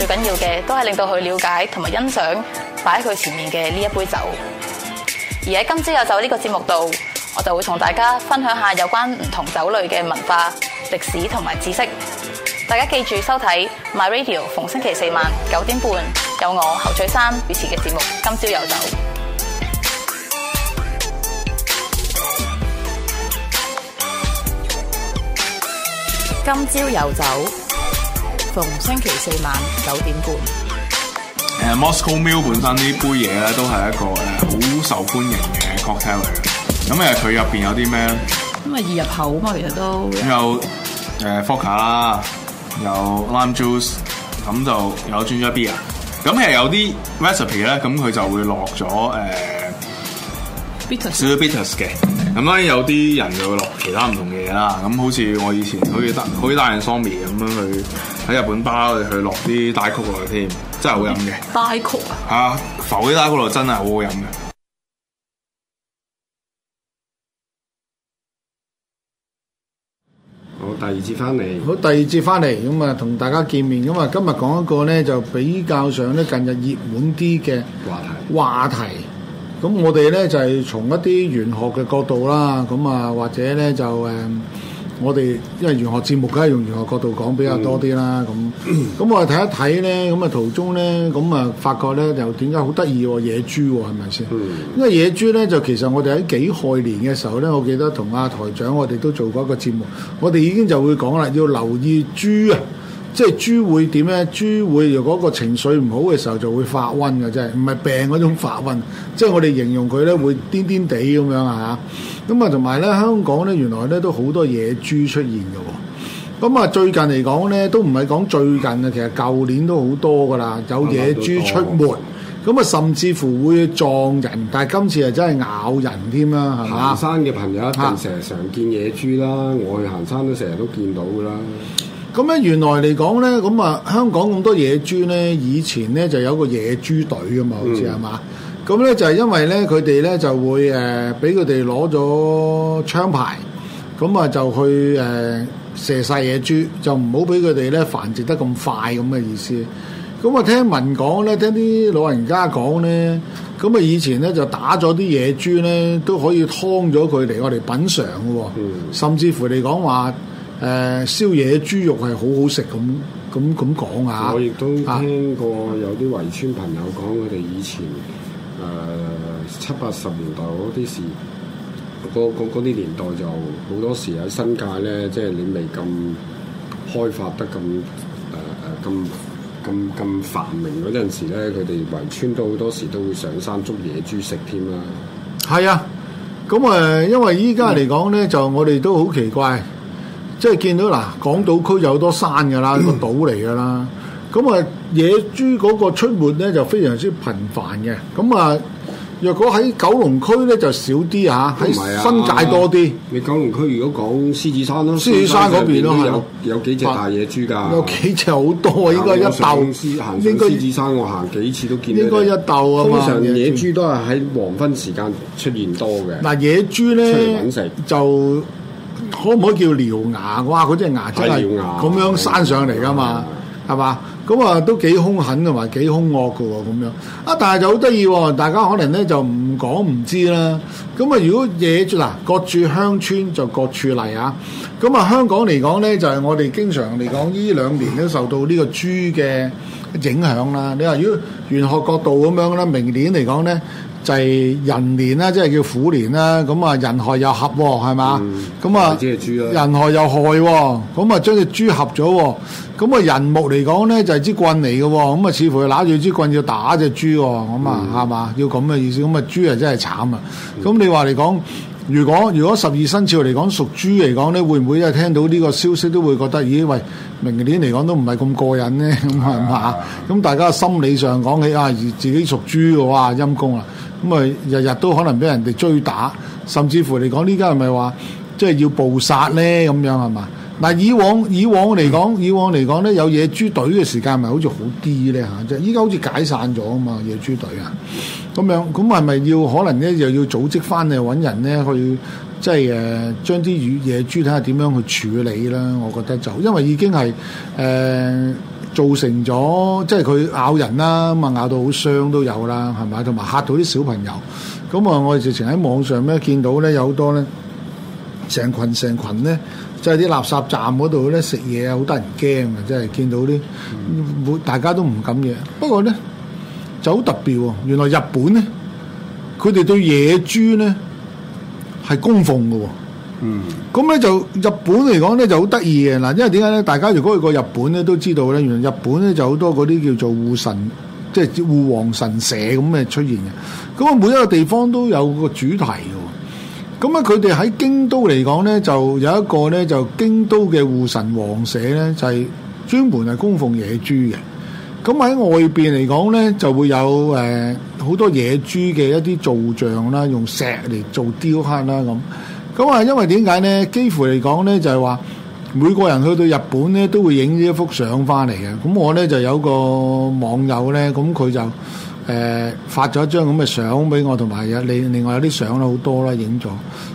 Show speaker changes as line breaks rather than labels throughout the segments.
最緊要嘅都係令到佢了解同埋欣賞擺喺佢前面嘅呢一杯酒。而喺今朝有酒呢個節目度，我就會同大家分享下有關唔同酒類嘅文化、歷史同埋知識。大家記住收睇，My Radio，逢星期四晚九點半有我侯翠珊主持嘅節目《今朝有酒》。今朝有酒。逢星期四晚九點半。誒 Moscow Mule 本身呢杯嘢咧，都係一個誒好受歡迎嘅 cocktail 嚟嘅。咁誒佢入邊有啲咩咧？因為易入口啊嘛，其實都。有誒 vodka 啦，有 lime juice，咁就有 ginger beer。咁誒有啲 recipe 咧，咁佢就會落咗誒 bitters，少 bitters 嘅。咁當然、嗯、有啲人就會落其他唔同嘅嘢啦。咁、嗯、好似我以前好似帶可以帶人桑美咁樣去喺日本包去落啲大曲落去添，真係好飲嘅。大曲啊！嚇，浮啲大曲落真係好好飲嘅。
好，第二節翻嚟。好，第二節翻嚟咁啊，同大家見面。咁啊，今日講一個咧就比較上咧近日熱門啲嘅話題話題。咁、嗯、我哋咧就係、是、從一啲玄學嘅角度啦，咁啊或者咧就誒、呃，我哋因為玄學節目梗係用玄學角度講比較多啲啦，咁咁、嗯嗯、我哋睇一睇咧，咁、那、啊、個、途中咧，咁啊發覺咧又點解好得意喎，野豬喎係咪先？是是嗯、因為野豬咧就其實我哋喺己亥年嘅時候咧，我記得同阿台長我哋都做過一個節目，我哋已經就會講啦，要留意豬啊！即係豬會點咧？豬會如果個情緒唔好嘅時候就會發瘟嘅，真係唔係病嗰種發瘟。即係我哋形容佢咧會癲癲地咁樣啊嚇。咁啊同埋咧，香港咧原來咧都好多野豬出現嘅。咁啊最近嚟講咧都唔係講最近啊，其實舊年都好多㗎啦，有野豬出沒。咁啊甚至乎會撞人，但係今次係真係咬人添啦，係嘛？行山嘅朋友一定成日常見野豬啦，啊、我去行山都成
日都見到㗎啦。
咁咧原來嚟講咧，咁啊香港咁多野豬咧，以前咧就有個野豬隊㗎嘛，好似係嘛？咁咧就係因為咧佢哋咧就會誒俾佢哋攞咗槍牌，咁啊就去誒射晒野豬，就唔好俾佢哋咧繁殖得咁快咁嘅意思。咁啊聽聞講咧，聽啲老人家講咧，咁啊以前咧就打咗啲野豬咧，都可以劏咗佢嚟我哋品嚐嘅喎，甚至乎你講話。
誒燒野豬肉係好好食，咁咁咁講啊！我亦都聽過有啲圍村朋友講，佢哋以前誒七八十年代嗰啲事，嗰嗰啲年代就好多時喺新界咧，即係你未咁開發得咁誒誒咁咁咁繁榮嗰陣時咧，佢哋圍村都好多時都會上山捉野豬食添啊！
係啊，咁、呃、啊，因為依家嚟講咧，啊、就我哋都好奇怪。即係見到嗱，港島區有好多山㗎啦，嗯、個島嚟㗎啦。咁、嗯、啊，野豬嗰個出沒咧就非常之頻繁嘅。咁、嗯、啊，若果喺九龍區咧就少啲嚇，喺新界多啲。
你、啊、九龍區如果講獅子山咯，獅子山嗰邊咯，有、啊、有幾隻大野豬㗎、啊？有幾隻好多啊？應該一竇。我獅子山行幾次都見到應該一竇啊嘛。通常野豬都係喺黃昏時間出現多嘅。嗱、啊，野豬咧就。可唔可以叫獠牙？
哇！嗰隻牙真係咁樣生上嚟噶嘛，係牙嘛？咁啊都幾兇狠同埋幾兇惡噶喎，咁樣啊！但係就好得意喎，大家可能咧就唔講唔知啦。咁啊，如果野住嗱、啊，各處鄉村就各處例啊。咁啊，啊，香港嚟講咧，就係、是、我哋經常嚟講，呢兩年都受到呢個豬嘅影響啦。你話如果玄學角度咁樣啦，明年嚟講咧。就係人年啦，即係叫虎年啦。咁啊，人害又合，係嘛？咁啊，人害又害。咁啊，將隻豬合咗。咁啊，人木嚟講咧，就係支棍嚟嘅。咁啊，似乎拿住支棍要打隻豬。咁啊，係嘛？要咁嘅意思。咁啊，豬啊真係慘啊！咁你話嚟講，如果如果十二生肖嚟講，屬豬嚟講咧，會唔會因為聽到呢個消息都會覺得，咦喂，明年嚟講都唔係咁過癮咧？咁係嘛？咁大家心理上講起啊，自己屬豬嘅話，陰公啊！咁啊，日日都可能俾人哋追打，甚至乎嚟講，是是呢家係咪話即係要捕殺咧？咁樣係嘛？嗱，以往以往嚟講，以往嚟講咧，有野豬隊嘅時間是是好好，咪好似好啲咧吓，即係依家好似解散咗啊嘛，野豬隊啊，咁樣咁係咪要可能咧又要組織翻嚟揾人咧去，即係誒將啲野野豬睇下點樣去處理啦？我覺得就因為已經係誒。呃造成咗即係佢咬人啦，咁啊咬到好傷都有啦，係咪？同埋嚇到啲小朋友，咁啊！我哋直情喺網上咧見到咧有好多咧，成群成群咧，即係啲垃圾站嗰度咧食嘢啊，好得人驚啊！即係見到啲，大家都唔敢嘅。不過咧就好特別喎，原來日本咧，佢哋對野豬咧係供奉嘅喎。嗯，咁咧就日本嚟講咧就好得意嘅，嗱，因為點解咧？大家如果去過日本咧，都知道咧，原來日本咧就好多嗰啲叫做護神，即係護王神社咁嘅出現嘅。咁啊，每一個地方都有個主題嘅。咁啊，佢哋喺京都嚟講咧，就有一個咧就京都嘅護神王社咧，就係專門係供奉野豬嘅。咁喺外邊嚟講咧，就會有誒好多野豬嘅一啲造像啦，用石嚟做雕刻啦咁。咁啊，因為點解咧？幾乎嚟講咧，就係話每個人去到日本咧，都會影一幅相返嚟嘅。咁我咧就有個網友咧，咁佢就誒、呃、發咗一張咁嘅相俾我，同埋有另另外有啲相啦，好多啦，影咗。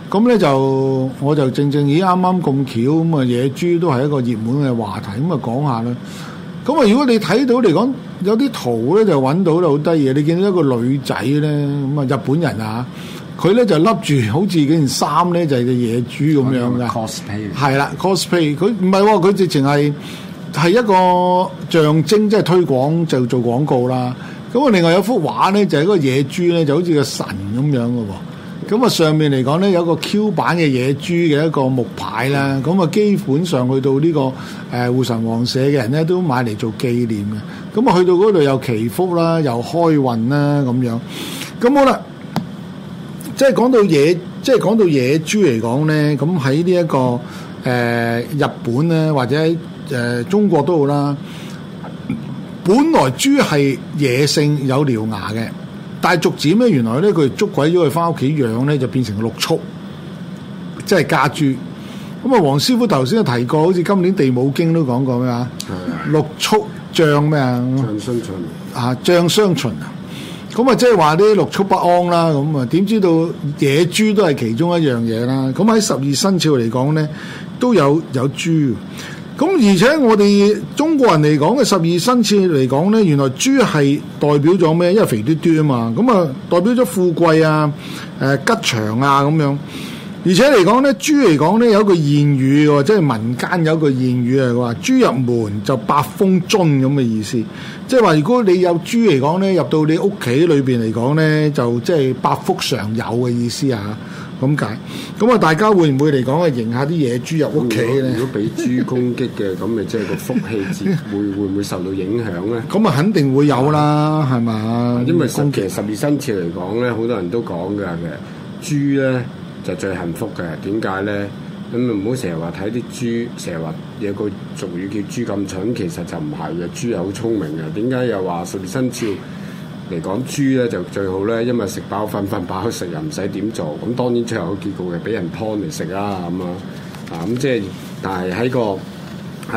咁咧就我就正正以啱啱咁巧，咁啊野豬都係一個熱門嘅話題，咁啊講下啦。咁啊，如果你睇到嚟講有啲圖咧，就揾到啦，好得意。你見到一個女仔咧，咁啊日本人啊。佢咧就笠住，好似嗰件衫咧就隻野豬咁樣嘅，係啦 cosplay，佢唔係喎，佢直情係係一個象徵，即係推廣就做廣告啦。咁、嗯、啊，另外有幅畫咧就係嗰個野豬咧，就好似個神咁樣嘅。咁、嗯、啊，上面嚟講咧有一個 Q 版嘅野豬嘅一個木牌啦。咁、嗯、啊，嗯、基本上去到呢個誒護神王社嘅人咧都買嚟做紀念嘅。咁、嗯、啊，去到嗰度又祈福啦，又開運啦咁樣。咁好啦。即係講到野，即係講到野豬嚟講咧，咁喺呢一個誒、呃、日本咧，或者誒、呃、中國都好啦。本來豬係野性有獠牙嘅，但係逐漸咧，原來咧佢捉鬼咗去翻屋企養咧，就變成六畜，即係家豬。咁啊，黃師傅頭先都提過，好似今年地母經都講過咩啊？六畜象咩啊？象相存啊，象相存啊。咁啊，即係話啲六畜不安啦，咁啊，點知道野豬都係其中一樣嘢啦？咁喺十二生肖嚟講呢，都有有豬。咁而且我哋中國人嚟講嘅十二生肖嚟講呢，原來豬係代表咗咩？因為肥嘟嘟啊嘛，咁啊，代表咗富貴啊，誒吉祥啊咁樣。而且嚟講咧，豬嚟講咧有一句諺語喎，即係民間有一句諺語係話：豬、就是、入門就百福樽咁嘅意思。即係話如果你有豬嚟講咧，入到你屋企裏邊嚟講咧，就即係百福常有嘅意思啊。咁解。咁啊，大家會唔會嚟講係迎，迎下啲野豬入屋企咧？如果俾
豬攻擊嘅，咁咪即係個福氣會 會唔會受到影響咧？
咁啊，肯定會有啦，係咪 吧？因為
其實十二生肖嚟講咧，好多人都講㗎嘅豬咧。就最幸福嘅，點解咧？咁你唔好成日話睇啲豬，成日話有個俗語叫豬咁蠢，其實就唔係嘅，豬係好聰明嘅。點解又話順生肖嚟講豬咧就最好咧？因為食飽瞓，瞓飽，飽，飽食又唔使點做。咁當然最後個結局係俾人劏嚟食啦咁啊。啊咁、嗯、即係，但係喺個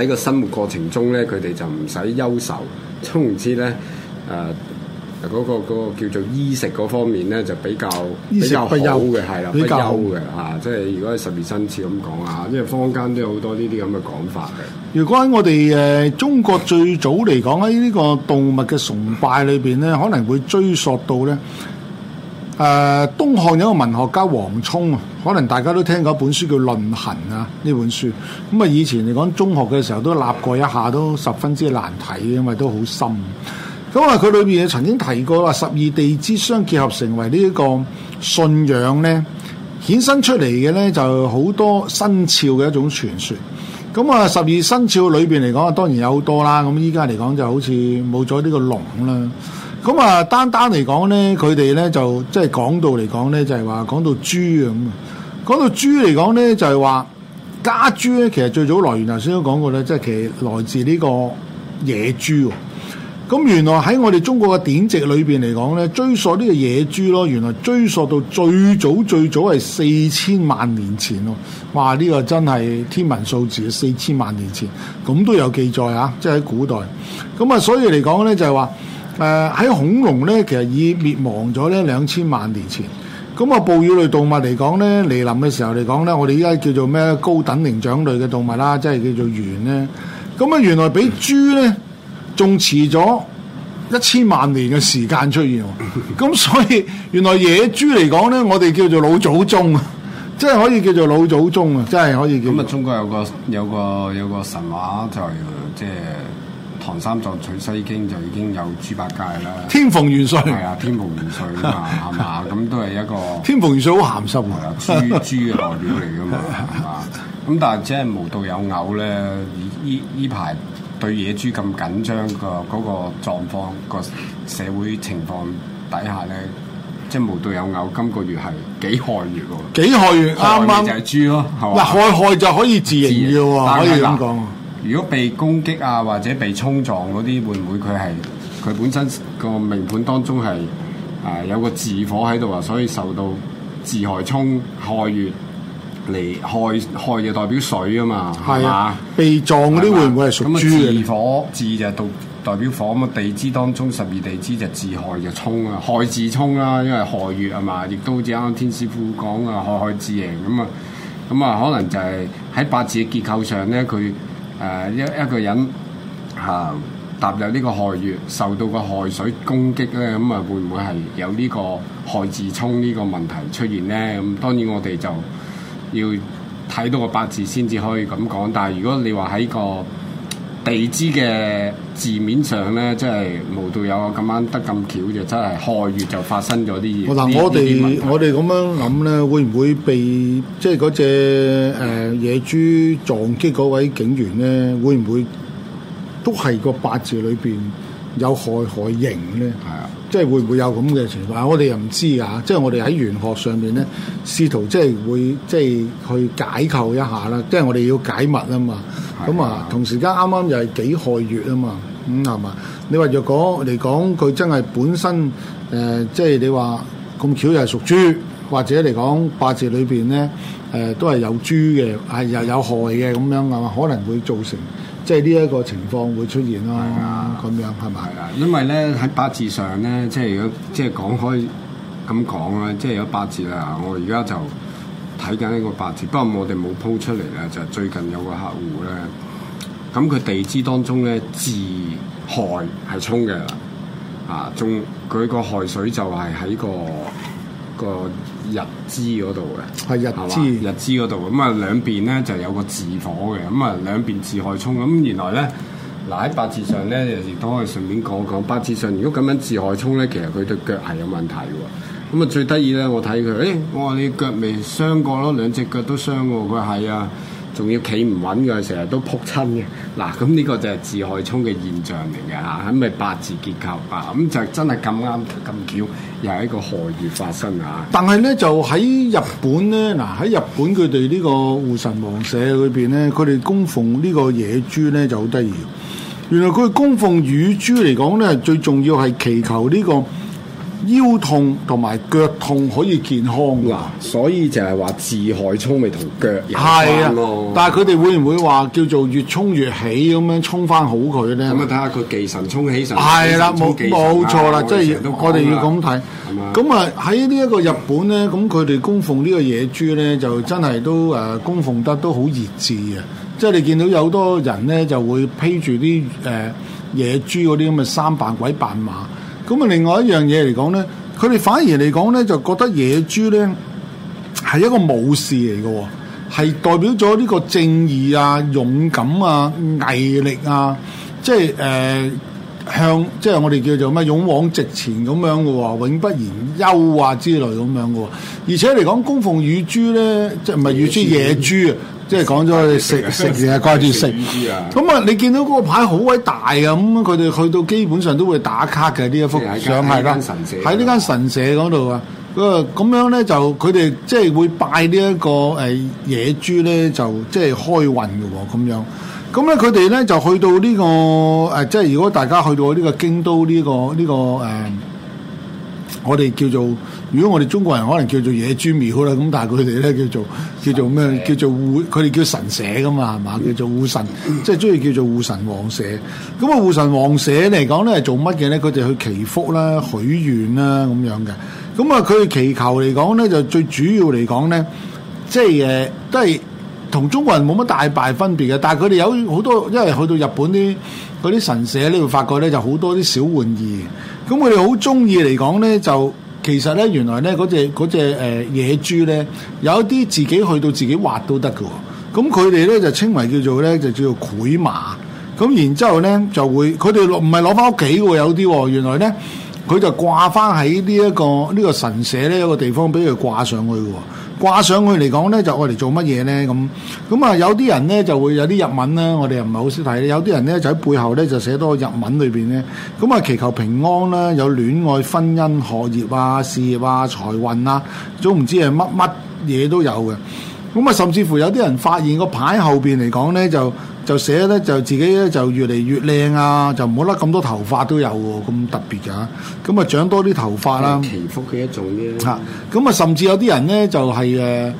喺個生活過程中咧，佢哋就唔使憂愁，充其咧啊。呃嗱嗰、那個那個叫做衣食嗰方面咧，就比較衣食的比較好嘅，係啦，不休嘅嚇，即係如果十二生肖咁講啊，因為坊間都有好多呢啲咁嘅講法嘅。
如果喺我哋誒中國最早嚟講喺呢個動物嘅崇拜裏邊咧，可能會追溯到咧，誒、呃、東漢有個文學家王充啊，可能大家都聽過一本書叫《論衡》啊，呢本書咁啊，以前嚟講中學嘅時候都立過一下，都十分之難睇，因為都好深。咁啊，佢裏邊曾經提過話十二地支相結合成為呢一個信仰咧，衍生出嚟嘅咧就好多生肖嘅一種傳說。咁啊，十二生肖裏邊嚟講啊，當然有好多啦。咁依家嚟講就好似冇咗呢個龍啦。咁啊，單單嚟講咧，佢哋咧就即係講到嚟講咧，講就係話講到豬啊咁。講到豬嚟講咧，就係話家豬咧，其實最早來源頭先都講過咧，即係其實來自呢個野豬。咁原來喺我哋中國嘅典籍裏邊嚟講咧，追溯呢個野豬咯，原來追溯到最早最早係四千萬年前咯。哇！呢個真係天文數字啊，四千萬年前，咁都有記載啊，即係喺古代。咁啊，所以嚟講咧，就係話誒喺恐龍咧，其實已滅亡咗咧兩千萬年前。咁啊，哺乳類動物嚟講咧，嚟臨嘅時候嚟講咧，我哋依家叫做咩高等靈長類嘅動物啦，即係叫做猿咧。咁啊，原來比豬咧，仲遲咗一千萬年嘅時間出現，咁 所以原來野豬嚟講咧，我哋叫做
老祖宗，啊，即係可以叫做老祖宗啊，即係可以叫。咁啊、嗯，嗯、中國有個有個有個神話就係即係《唐三藏取西經》，就已經有豬八戒啦。
天蓬元帥係啊，天
蓬元帥嘛，係嘛？咁都係一個
天蓬元帥好鹹濕啊。豬豬嘅代表嚟㗎嘛，係
咁，但係即係無道有偶咧，呢呢排。對野豬咁緊張、嗰個嗰、嗰個狀況、嗰個社會情況底下咧，即係無獨有偶，今個月係己亥月喎？己亥月啱啱就係
豬咯，係嘛剛？嗱，亥，亥就可以自刑要，營是可以咁
講。如果被攻擊啊，或者被衝撞嗰啲，會唔會佢係佢本身個命盤當中係誒、呃、有個自火喺度啊，所以受到自害衝害月。嚟亥亥就代表水啊嘛，係嘛的？
吧被撞嗰啲會唔會係屬豬咁啊，亥
火，字就代代表火咁啊。地支當中十二地支就自亥就沖啊，亥自沖啦，因為亥月啊嘛，亦都好似啱啱天師傅講啊，亥亥自刑咁啊，咁啊，可能就係喺八字嘅結構上咧，佢誒一一個人嚇、呃、踏入呢個亥月，受到個亥水攻擊咧，咁啊，會唔會係有呢個亥自沖呢個問題出現咧？咁當然我哋就。要睇到個八字先至可以咁講，但係如果你話喺個地支嘅字面上咧，真係無道有，咁啱得咁巧就真係亥月就發生咗啲嘢。嗱，我哋我
哋咁樣諗咧，會唔會被即係嗰隻誒野豬撞擊嗰位警員咧？會唔會都係個八字裏邊有害害刑咧？係啊。即係會唔會有咁嘅情況？我哋又唔知啊！即係我哋喺玄學上面咧，試圖即係會即係去解構一下啦。即係我哋要解密啊嘛。咁啊的，同時間啱啱又係己亥月啊嘛。咁係嘛？你話若果嚟講，佢真係本身誒、呃，即係你話咁巧又係屬豬，或者嚟講八字裏邊咧誒，都係有豬嘅，係又有害嘅咁樣啊，可能會造成。即係呢一個情況會出現咯，咁的樣係咪啊？
因為咧喺八字上咧，即係如果即係講開咁講啦，即係有八字啦。我而家就睇緊呢個八字，不過我哋冇鋪出嚟咧，就係、最近有個客戶咧，咁佢地支當中咧，子亥係沖嘅，啊，仲佢個亥水就係喺個。個日支嗰度嘅，係日支姿日支嗰度咁啊，兩邊咧就有個自火嘅，咁啊兩邊自害衝咁，原來咧嗱，喺八字上咧，亦都可以順便講講八字上，如果咁樣自害衝咧，其實佢對腳係有問題喎。咁啊最得意咧，我睇佢，誒我話你腳未傷過咯，兩隻腳都傷過，佢係啊。仲要企唔穩嘅，成日都撲親嘅。嗱，咁呢個就係自害衝嘅現象嚟嘅嚇，咁、啊、咪八字結構啊，咁就真係咁啱咁巧，又係一個何以發生啊？
但係咧，就喺日本咧，嗱喺日本佢哋呢個護神王社裏邊咧，佢哋供奉呢個野豬咧就好得意。原來佢供奉乳豬嚟講咧，最重要係祈求呢、呢個。腰痛同埋腳痛可以健康。嗱，
所以就係話自害沖未同腳有關。係啊，但係
佢哋會唔會話叫做越沖越起咁樣沖翻好佢咧？咁啊，睇下佢忌神沖起神。係啦，冇冇錯啦，即係我哋要咁睇。咁啊，喺呢一個日本咧，咁佢哋供奉呢個野豬咧，就真係都誒供奉得都好熱熾啊！即係你見到有好多人咧就會披住啲誒野豬嗰啲咁嘅衫扮鬼扮馬。咁啊，另外一樣嘢嚟講咧，佢哋反而嚟講咧，就覺得野豬咧係一個武士嚟嘅，係代表咗呢個正義啊、勇敢啊、毅力啊，即係誒。呃向即係我哋叫做咩，勇往直前咁樣嘅喎，永不言休啊之類咁樣嘅喎。而且嚟講供奉乳豬咧，即係唔係乳豬，野豬啊，即係講咗食食完啊，掛住絨食。咁啊絨，你見到嗰個牌好鬼大啊，咁佢哋去到基本上都會打卡嘅呢一幅相，係啦。喺呢上間神社嗰度啊，咁樣咧就佢哋即係會拜呢一個誒野豬咧，就即係開運嘅喎，咁樣。咁咧，佢哋咧就去到呢、這個誒、呃，即係如果大家去到呢個京都呢、這個呢、這個誒、呃，我哋叫做如果我哋中國人可能叫做野豬廟啦，咁但係佢哋咧叫做叫做咩叫做護，佢哋叫神社噶嘛係嘛？叫做護神，即係鍾意叫做護神王社。咁啊護神王社嚟講咧係做乜嘢咧？佢哋去祈福啦、許願啦咁樣嘅。咁啊佢祈求嚟講咧就最主要嚟講咧，即、就、係、是呃、都係。同中國人冇乜大敗分別嘅，但係佢哋有好多，因為去到日本啲啲神社咧，會發覺咧就好多啲小玩意。咁佢哋好中意嚟講咧，就其實咧原來咧嗰隻嗰隻野豬咧，有一啲自己去到自己畫都得嘅。咁佢哋咧就稱為叫做咧就叫做繪馬。咁然之後咧就會佢哋唔係攞翻屋企嘅有啲，原來咧佢就掛翻喺呢一個呢、呢個神社咧一個地方俾佢掛上去嘅。掛上佢嚟講呢，就愛嚟做乜嘢呢？咁咁啊？有啲人呢，就會有啲日文呢。我哋又唔係好識睇。有啲人呢，就喺背後呢，就寫多個日文裏邊呢。咁啊祈求平安啦，有戀愛、婚姻、學業啊、事業啊、財運啊，總唔知係乜乜嘢都有嘅。咁啊，甚至乎有啲人發現個牌後邊嚟講呢，就。就寫咧，就自己咧就越嚟越靚啊！就唔好甩咁多頭髮都有喎，啊，咁特別噶，啊。咁、嗯、啊長多啲頭髮啦、啊。祈福嘅一種咧。嚇、嗯！咁、嗯、啊，甚至有啲人咧就係、是、誒、呃、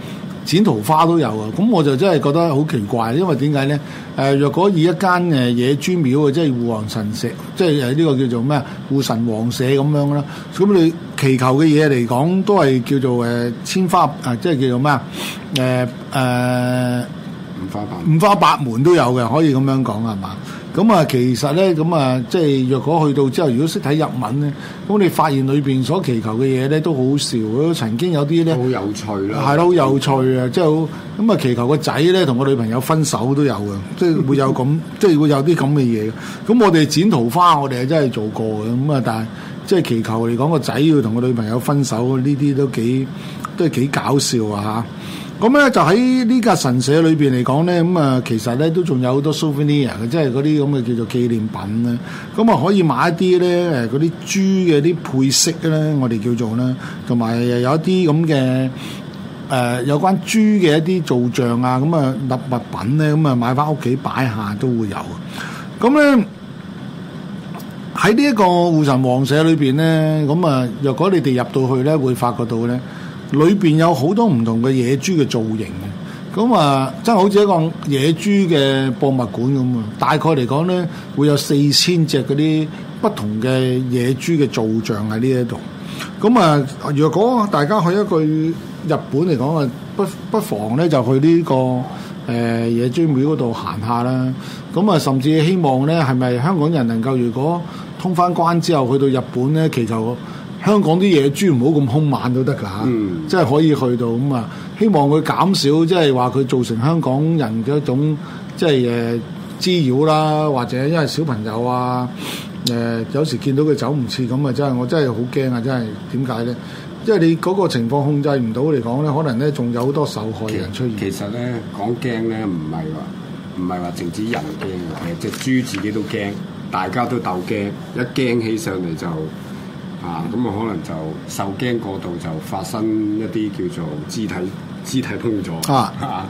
剪桃花都有啊。咁、嗯、我就真係覺得好奇怪，因為點解咧？誒、呃，若果以一間誒、呃、野豬廟、呃、啊，即係護王神社，即係誒呢個叫做咩啊？護神王社咁樣啦。咁你祈求嘅嘢嚟講，都係叫做誒千花啊，即係叫做咩啊？誒誒。五花八五花八門都有嘅，可以咁樣講係嘛？咁啊，其實咧，咁啊，即係若果去到之後，如果識睇日文咧，咁你發現裏邊所祈求嘅嘢咧，都好笑。曾經有啲咧，好有趣啦，係咯，好有趣啊！即係好咁啊，祈求個仔咧同個女朋友分手都有嘅， 即係會有咁，即係會有啲咁嘅嘢。咁我哋剪桃花，我哋係真係做過嘅。咁啊，但係即係祈求嚟講，個仔要同個女朋友分手呢啲都幾都係幾搞笑啊！吓。咁咧就喺呢間神社裏邊嚟講咧，咁啊其實咧都仲有好多 souvenir 嘅，即係嗰啲咁嘅叫做紀念品咧。咁啊可以買一啲咧誒嗰啲豬嘅啲配飾咧，我哋叫做咧，同埋有一啲咁嘅誒有關豬嘅一啲造像啊，咁啊立物品咧，咁啊買翻屋企擺下都會有。咁咧喺呢一個護神王社裏邊咧，咁啊若果你哋入到去咧，會發覺到咧。裏邊有好多唔同嘅野豬嘅造型，咁啊，真係好似一個野豬嘅博物館咁啊！大概嚟講呢會有四千隻嗰啲不同嘅野豬嘅造像喺呢一度。咁啊，如果大家去一個日本嚟講啊，不不妨呢就去呢、呢個誒、呃、野豬廟嗰度行下啦。咁啊，甚至希望呢係咪香港人能夠，如果通翻關之後去到日本呢，其實～香港啲野豬唔好咁兇猛都得噶嚇，嗯、真係可以去到咁啊！希望佢減少，即係話佢造成香港人嘅一種即係誒、呃、滋擾啦，或者因為小朋友啊誒、呃，有時見到佢走唔切咁啊，真係我真係好驚啊！真係點解咧？因為你嗰個情況控制唔到嚟講咧，可
能咧仲有好多受害人出現。其實咧講驚咧，唔係話唔係話淨止人驚嘅，隻隻豬自己都驚，大家都鬥驚，一驚起上嚟就。啊，咁啊可能就受驚過度就發生一啲叫做肢體肢體碰咗啊！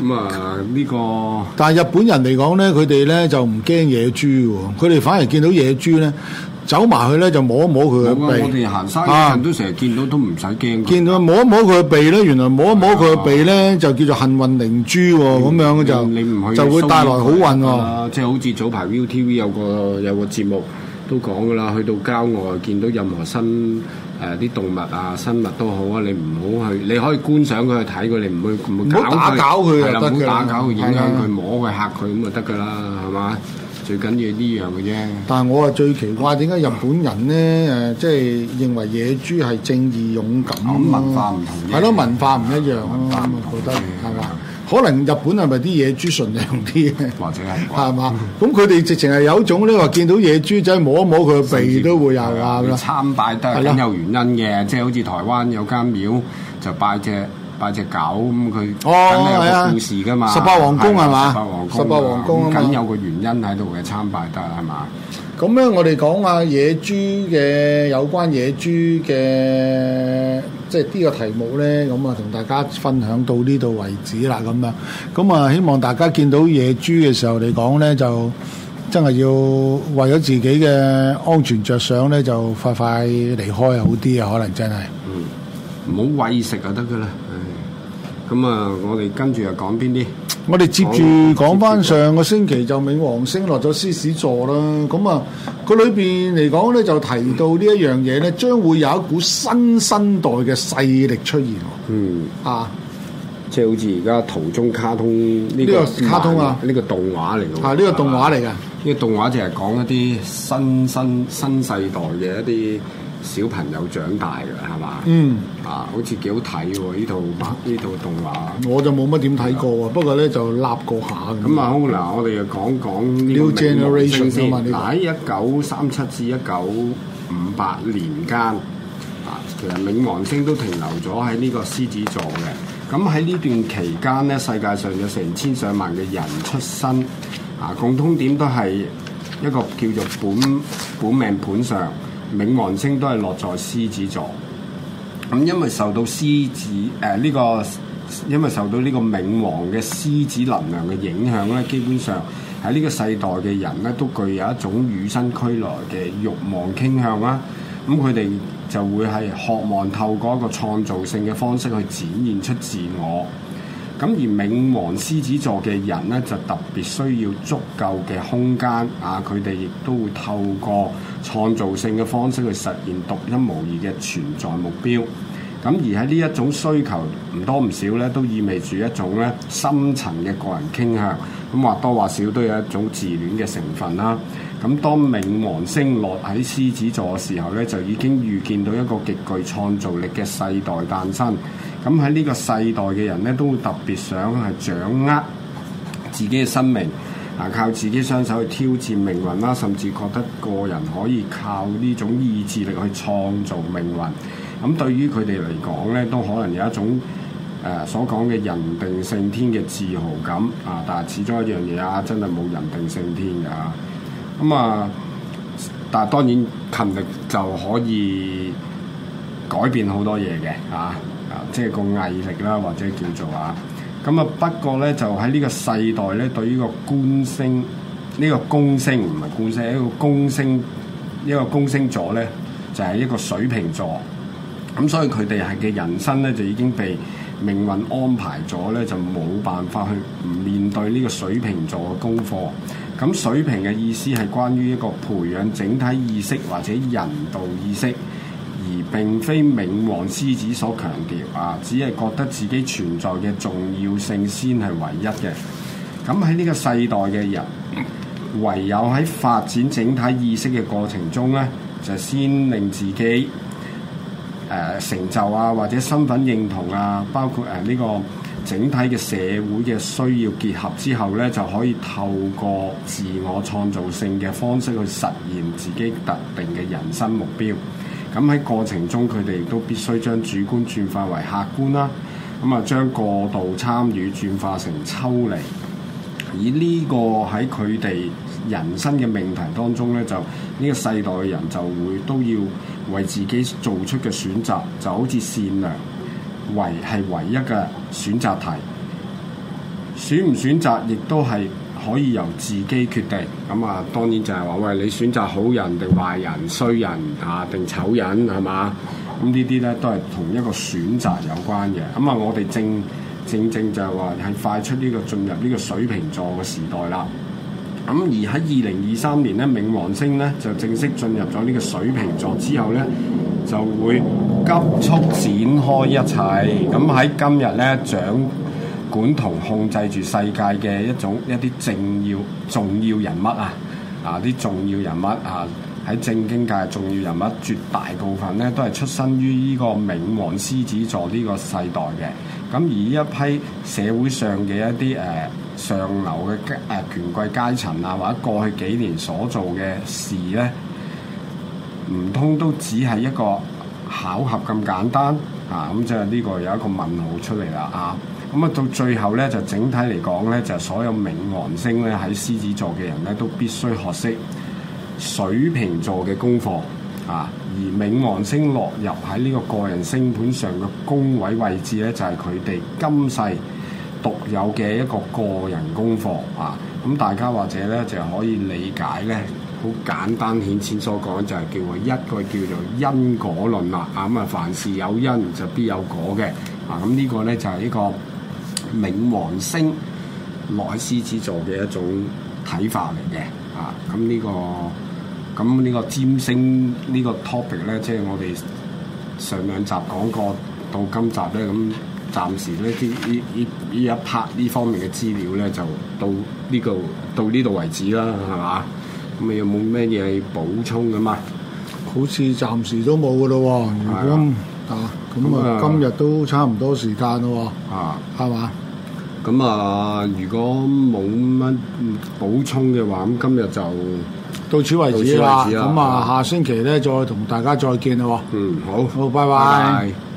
咁啊呢、這個但
係日本人嚟講咧，佢哋咧就唔驚野豬喎，佢哋反而見到野豬咧走埋去咧就摸一摸佢
我嘅鼻啊！都成日見到都唔使驚，
見到摸一摸佢嘅鼻咧，原來摸一摸佢嘅鼻咧、啊、就叫做幸運靈豬喎，咁、嗯、樣就你你唔去就會帶來好運喎、
啊，即係、啊、好似早排 ViuTV 有個有個節目。都講㗎啦，去到郊外見到任何新誒啲、呃、動物啊、生物都好啊，你唔好去，你可以觀賞佢睇佢，你唔好唔好打攪佢，係得的打攪佢影響佢的摸佢嚇佢咁就得㗎啦，係嘛？最緊要呢樣嘅啫。
但係我啊最奇怪，點解日本人咧誒，即係認為野豬係正義勇敢、啊？咁文化唔同，係咯文化唔一樣咯，覺得唔係嘛？可能日本係咪啲野豬純良啲？或者係啩？係嘛？咁佢哋直情係有一種咧，話見到野豬仔摸一摸佢個鼻都會有啊，參
拜得係梗有原因嘅，即係好似台灣有間廟就拜隻拜隻狗咁佢，哦咁啊，有個故事㗎嘛。十八王宮係嘛？十八王宮梗有個原因喺度嘅，參拜得係嘛？
咁咧，我哋講下野豬嘅有關野豬嘅，即係呢個題目咧，咁啊同大家分享到呢度為止啦，咁樣。咁啊，希望大家見到野豬嘅時候嚟講咧，就真係要為咗自己嘅安全着想咧，就快快離開好啲啊！可能真係，嗯，
唔好餵食就得噶啦。咁啊、嗯，我哋跟住又講邊啲？我哋接住
講翻上個星期就冥王星落咗獅子座啦。咁啊，佢裏邊嚟講咧，就提到呢一樣嘢咧，將會有一股新生代嘅勢力出現。
嗯，啊、嗯，即係好似而家圖中卡通呢、這個、個卡通啊，呢個動畫嚟嘅。啊，呢、這個動畫嚟嘅，呢、啊這個動畫就係講一啲新生新，新世代嘅一啲。小朋友長大嘅係嘛？
嗯，
啊，好似幾好睇喎！呢套呢套動畫，
我就冇乜點睇過啊。的不過咧，就立過下。咁啊，
好嗱，嗯，我哋又講講呢個 New Generation 冥王星先。喺一九三七至一九五八年間，啊，其實冥王星都停留咗喺呢個獅子座嘅。咁喺呢段期間咧，世界上有成千上萬嘅人出生，啊，共通點都係一個叫做本本命盤上。冥王星都係落在獅子座，咁因為受到獅子誒呢、呃這個因為受到呢個冥王嘅獅子能量嘅影響咧，基本上喺呢個世代嘅人咧，都具有一種與生俱來嘅慾望傾向啦。咁佢哋就會係渴望透過一個創造性嘅方式去展現出自我。咁而冥王獅子座嘅人咧，就特別需要足夠嘅空間，啊！佢哋亦都會透過創造性嘅方式去實現獨一無二嘅存在目標。咁、啊、而喺呢一種需求唔多唔少咧，都意味住一種咧深層嘅個人傾向，咁、啊、或多或少都有一種自戀嘅成分啦。咁、啊、當冥王星落喺獅子座嘅時候咧，就已經預見到一個極具創造力嘅世代誕生。咁喺呢個世代嘅人咧，都會特別想係掌握自己嘅生命，啊，靠自己雙手去挑戰命運啦，甚至覺得個人可以靠呢種意志力去創造命運。咁對於佢哋嚟講咧，都可能有一種誒、呃、所講嘅人定勝天嘅自豪感啊！但係始終一樣嘢啊，真係冇人定勝天㗎。咁啊，但係當然勤力就可以改變好多嘢嘅啊！即係個毅力啦，或者叫做啊，咁啊不過咧，就喺呢個世代咧，對呢個官星，呢個宮星唔係官星，係一個宮星，一個宮星座咧，就係、是、一個水瓶座。咁、啊、所以佢哋係嘅人生咧，就已經被命運安排咗咧，就冇辦法去面對呢個水瓶座嘅功課。咁、啊、水瓶嘅意思係關於一個培養整體意識或者人道意識。而並非冥王獅子所強調啊，只係覺得自己存在嘅重要性先係唯一嘅。咁喺呢個世代嘅人，唯有喺發展整體意識嘅過程中呢就先令自己、呃、成就啊，或者身份認同啊，包括誒呢、呃呢個整體嘅社會嘅需要結合之後呢就可以透過自我創造性嘅方式去實現自己特定嘅人生目標。咁喺過程中，佢哋亦都必須將主觀轉化為客觀啦。咁啊，將過度參與轉化成抽離，而呢個喺佢哋人生嘅命題當中呢，就呢個世代嘅人就會都要為自己做出嘅選擇，就好似善良為係唯一嘅選擇題，選唔選擇亦都係。可以由自己決定，咁啊，當然就係話喂你選擇好人定壞人、衰人啊定醜人係嘛？咁呢啲咧都係同一個選擇有關嘅。咁啊，我哋正正正就係話係快出呢個進入呢個水瓶座嘅時代啦。咁而喺二零二三年咧，冥王星咧就正式進入咗呢個水瓶座之後咧，就會急速展開一切。咁喺今日咧，長管同控制住世界嘅一種一啲政要重要人物啊，啊啲重要人物啊喺政經界重要人物絕大部分咧都係出身於呢個冥王獅子座呢個世代嘅。咁而呢一批社會上嘅一啲誒、啊、上流嘅誒、啊、權貴階層啊，或者過去幾年所做嘅事咧，唔通都只係一個巧合咁簡單啊？咁即係呢個有一個問號出嚟啦，啊！咁啊，到最後咧，就整體嚟講咧，就所有冥王星咧喺獅子座嘅人咧，都必須學識水瓶座嘅功課啊。而冥王星落入喺呢個個人星盤上嘅宮位位置咧，就係佢哋今世獨有嘅一個個人功課啊。咁大家或者咧就可以理解咧，好簡單顯淺所講，就係、是、叫做一個叫做因果論啦。啊，咁啊，凡事有因就必有果嘅。啊，咁、啊這個、呢個咧就係、是、一個。冥王星落喺獅子座嘅一種睇法嚟嘅啊，咁、嗯、呢、這個咁呢、嗯這個占星、這個、ic, 呢個 topic 咧，即係我哋上兩集講過到今集咧，咁、嗯、暫時咧啲依依依一 part 呢方面嘅資料咧，就到呢、這個到呢度為止啦，係、嗯、嘛？咁你有冇咩嘢補充咁啊？
好似暫時都冇噶咯喎，如果啊～咁啊，今日都差唔多
時間咯啊，係嘛吧？咁啊，如果冇乜補充嘅話，咁今日就到此為止啦。咁啊，吧下星期
咧再同大家再見咯喎。嗯，好，好，拜拜。拜拜。